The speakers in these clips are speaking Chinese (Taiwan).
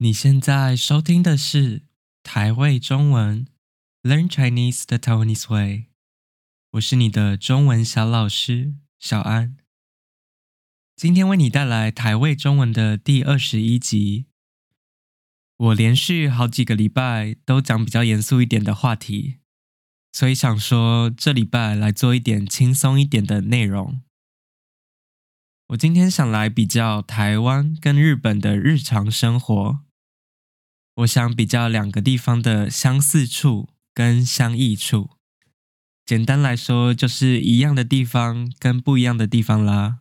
你現在收聽的是台味中文 Learn Chinese the Taiwanese way，我是你的中文小老師小安。今天為你帶來台味中文的第二十一集。我連續好幾個禮拜都講比較嚴肅一點的話題，所以想說這禮拜來做一點輕鬆一點的內容。我今天想來比較台灣跟日本的日常生活。我想比較兩個地方的相似處跟相異處，簡單來說就是一樣的地方跟不一樣的地方啦。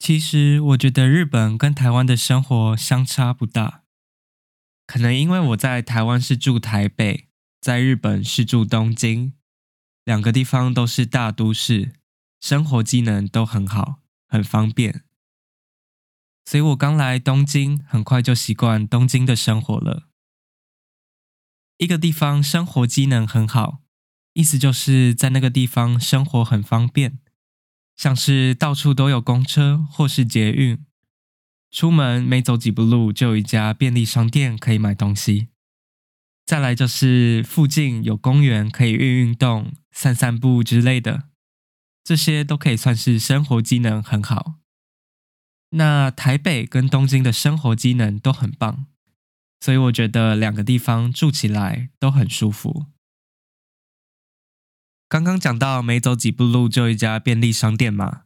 其實我覺得日本跟台灣的生活相差不大，可能因為我在台灣是住台北，在日本是住東京，兩個地方都是大都市，生活機能都很好，很方便。所以我剛來東京，很快就習慣東京的生活了。一個地方生活機能很好，意思就是在那個地方生活很方便，像是到處都有公車或是捷運，出門沒走幾步路就有一家便利商店可以買東西。再來就是附近有公園可以運運動、散散步之類的，這些都可以算是生活機能很好。那台北跟東京的生活機能都很棒，所以我覺得兩個地方住起來都很舒服。剛剛講到沒走幾步路就一家便利商店嘛，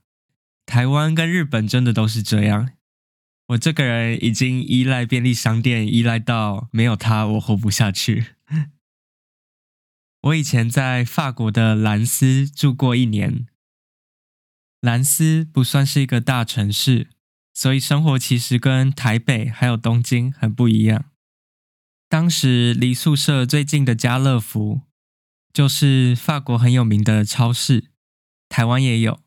台灣跟日本真的都是這樣。我這個人已經依賴便利商店，依賴到沒有它我活不下去。 我以前在法國的蘭斯住過一年，蘭斯不算是一個大城市。所以生活其實跟台北還有東京很不一樣。當時離宿舍最近的家樂福，就是法國很有名的超市，台灣也有。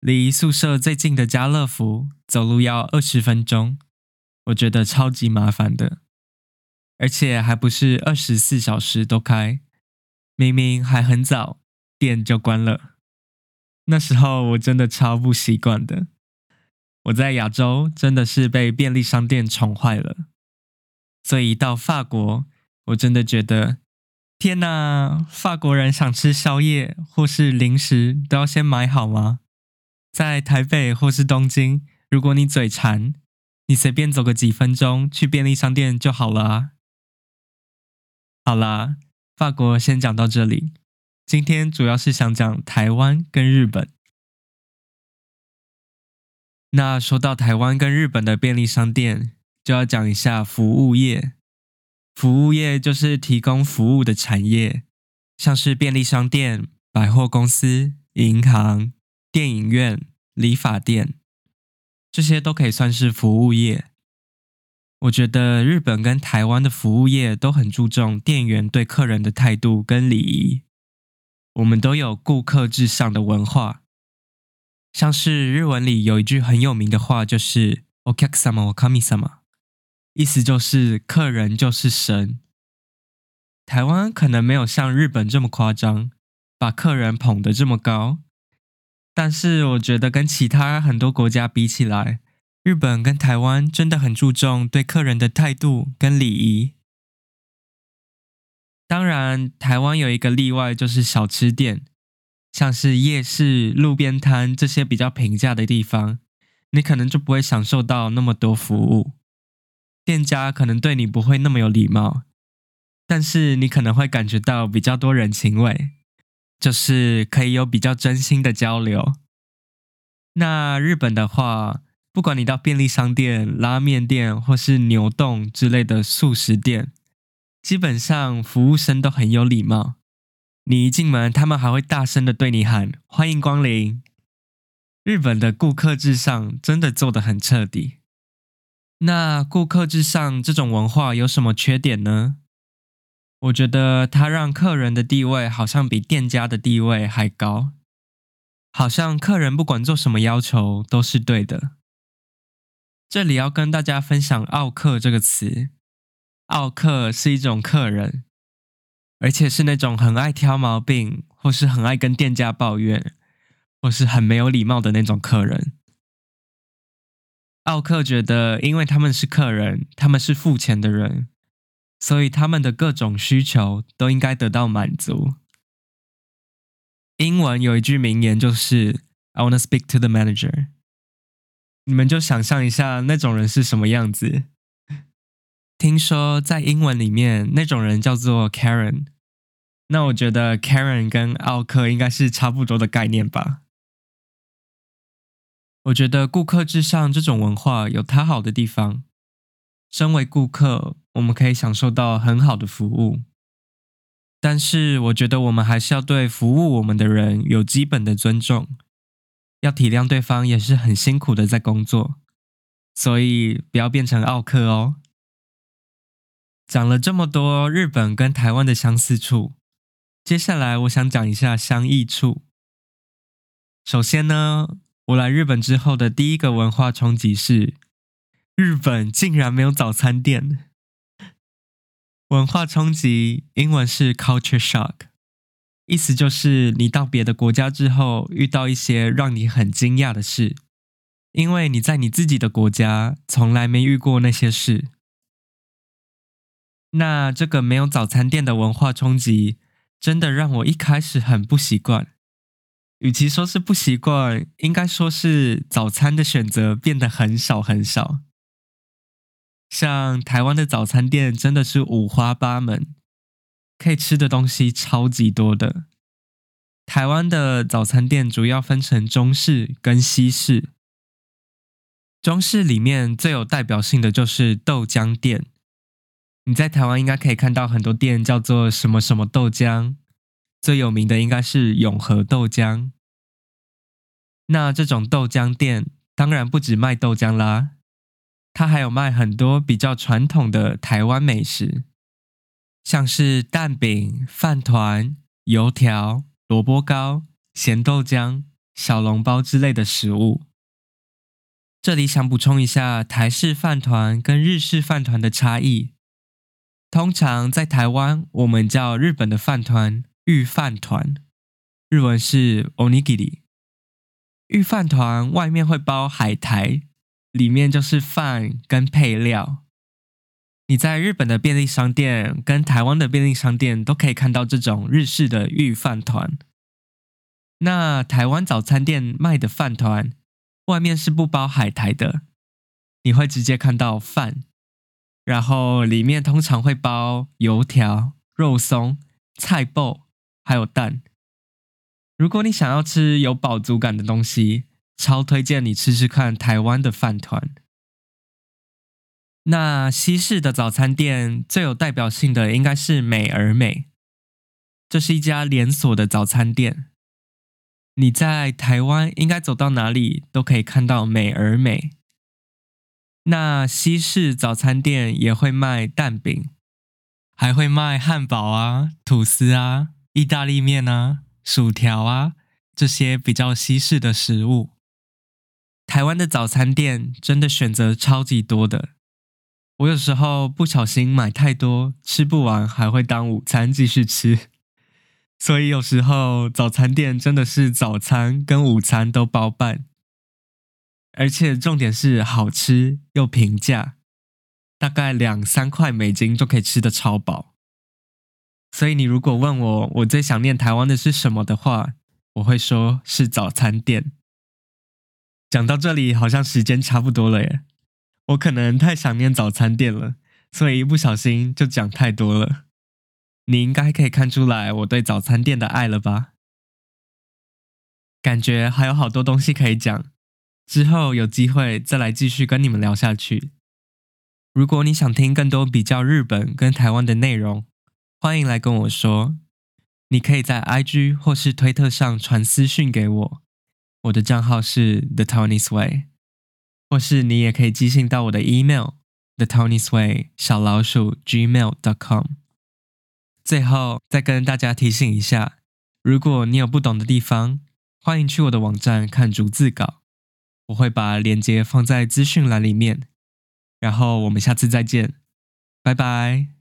離宿舍最近的家樂福，走路要二十分鐘，我覺得超級麻煩的。而且還不是二十四小時都開，明明還很早，店就關了。那時候我真的超不習慣的。我在亞洲真的是被便利商店寵壞了，所以到法國，我真的覺得，天哪、啊！法國人想吃宵夜或是零食都要先買好嗎？在台北或是東京，如果你嘴饞，你隨便走個幾分鐘去便利商店就好了、啊。好啦，法國先講到這裡，今天主要是想講台灣跟日本。那說到台灣跟日本的便利商店，就要講一下服務業。服務業就是提供服務的產業，像是便利商店、百貨公司、銀行、電影院、理髮店，這些都可以算是服務業。我覺得日本跟台灣的服務業都很注重店員對客人的態度跟禮儀，我們都有顧客至上的文化。像是日文裡有一句很有名的話，就是“お客様は神様”，意思就是客人就是神。台灣可能沒有像日本這麼誇張，把客人捧得這麼高，但是我覺得跟其他很多國家比起來，日本跟台灣真的很注重對客人的態度跟禮儀。當然，台灣有一個例外，就是小吃店。像是夜市、路邊攤這些比較平價的地方，你可能就不會享受到那麼多服務，店家可能對你不會那麼有禮貌，但是你可能會感覺到比較多人情味，就是可以有比較真心的交流。那日本的話，不管你到便利商店、拉麵店或是牛丼之類的速食店，基本上服務生都很有禮貌。你一進門，他們還會大聲的對你喊：“歡迎光臨！”日本的顧客至上真的做得很徹底。那顧客至上這種文化有什麼缺點呢？我覺得它讓客人的地位好像比店家的地位還高，好像客人不管做什麼要求都是對的。這裡要跟大家分享“奧客”這個詞，“奧客”是一種客人。而且是那種很愛挑毛病，或是很愛跟店家抱怨，或是很沒有禮貌的那種客人。奧客覺得，因為他們是客人，他們是付錢的人，所以他們的各種需求都應該得到滿足。英文有一句名言就是 “I wanna speak to the manager”。你們就想象一下那種人是什麼樣子。聽說在英文裡面那種人叫做 Karen，那我覺得 Karen 跟奧客應該是差不多的概念吧。我覺得顧客至上這種文化有它好的地方，身為顧客我們可以享受到很好的服務，但是我覺得我們還是要對服務我們的人有基本的尊重，要體諒對方也是很辛苦的在工作，所以不要變成奧客哦。講了這麼多日本跟台灣的相似處，接下來我想講一下相異處。首先呢，我來日本之後的第一個文化衝擊是，日本竟然沒有早餐店。文化衝擊英文是 culture shock，意思就是你到別的國家之後遇到一些讓你很驚訝的事，因為你在你自己的國家從來沒遇過那些事。那這個沒有早餐店的文化衝擊，真的讓我一開始很不習慣。與其說是不習慣，應該說是早餐的選擇變得很少很少。像台灣的早餐店真的是五花八門，可以吃的東西超級多的。台灣的早餐店主要分成中式跟西式，中式裡面最有代表性的就是豆漿店。你在台灣應該可以看到很多店叫做什麼什麼豆漿，最有名的應該是永和豆漿。那這種豆漿店當然不只賣豆漿啦，它還有賣很多比較傳統的台灣美食，像是蛋餅、飯糰、油條、蘿蔔糕、鹹豆漿、小籠包之類的食物。這裡想補充一下台式飯糰跟日式飯糰的差異。通常在台灣，我們叫日本的飯糰“御飯糰”，日文是 “onigiri”。御飯糰外面會包海苔，裡面就是飯跟配料。你在日本的便利商店跟台灣的便利商店都可以看到這種日式的御飯糰。那台灣早餐店賣的飯糰，外面是不包海苔的，你會直接看到飯。然後裡面通常會包油條、肉鬆、菜脯還有蛋。如果你想要吃有飽足感的東西，超推薦你吃吃看台灣的飯糰。那西式的早餐店最有代表性的應該是美而美。這是一家連鎖的早餐店。你在台灣應該走到哪裡都可以看到美而美。那西式早餐店也會賣蛋餅，還會賣漢堡啊、吐司啊、意大利麵啊、薯條啊，這些比較西式的食物。台灣的早餐店真的選擇超級多的，我有時候不小心買太多，吃不完還會當午餐繼續吃。所以有時候早餐店真的是早餐跟午餐都包辦。而且重點是好吃又平價，大概兩三塊美金就可以吃得超飽。所以你如果問我，我最想念台灣的是什麼的話，我會說是早餐店。講到這裡好像時間差不多了耶，我可能太想念早餐店了，所以一不小心就講太多了。你應該可以看出來我對早餐店的愛了吧？感覺還有好多東西可以講。之後有機會再來繼續跟你們聊下去。如果你想聽更多比較日本跟台灣的內容，歡迎來跟我說。你可以在 IG 或是推特上傳私訊給我，我的賬號是 The Taiwanese Way，或是你也可以寄信到我的 email thetaiwaneseway 小老鼠 gmail.com。最後再跟大家提醒一下，如果你有不懂的地方，歡迎去我的網站看逐字稿。我會把連結放在資訊欄裡面，然後我們下次再見，拜拜。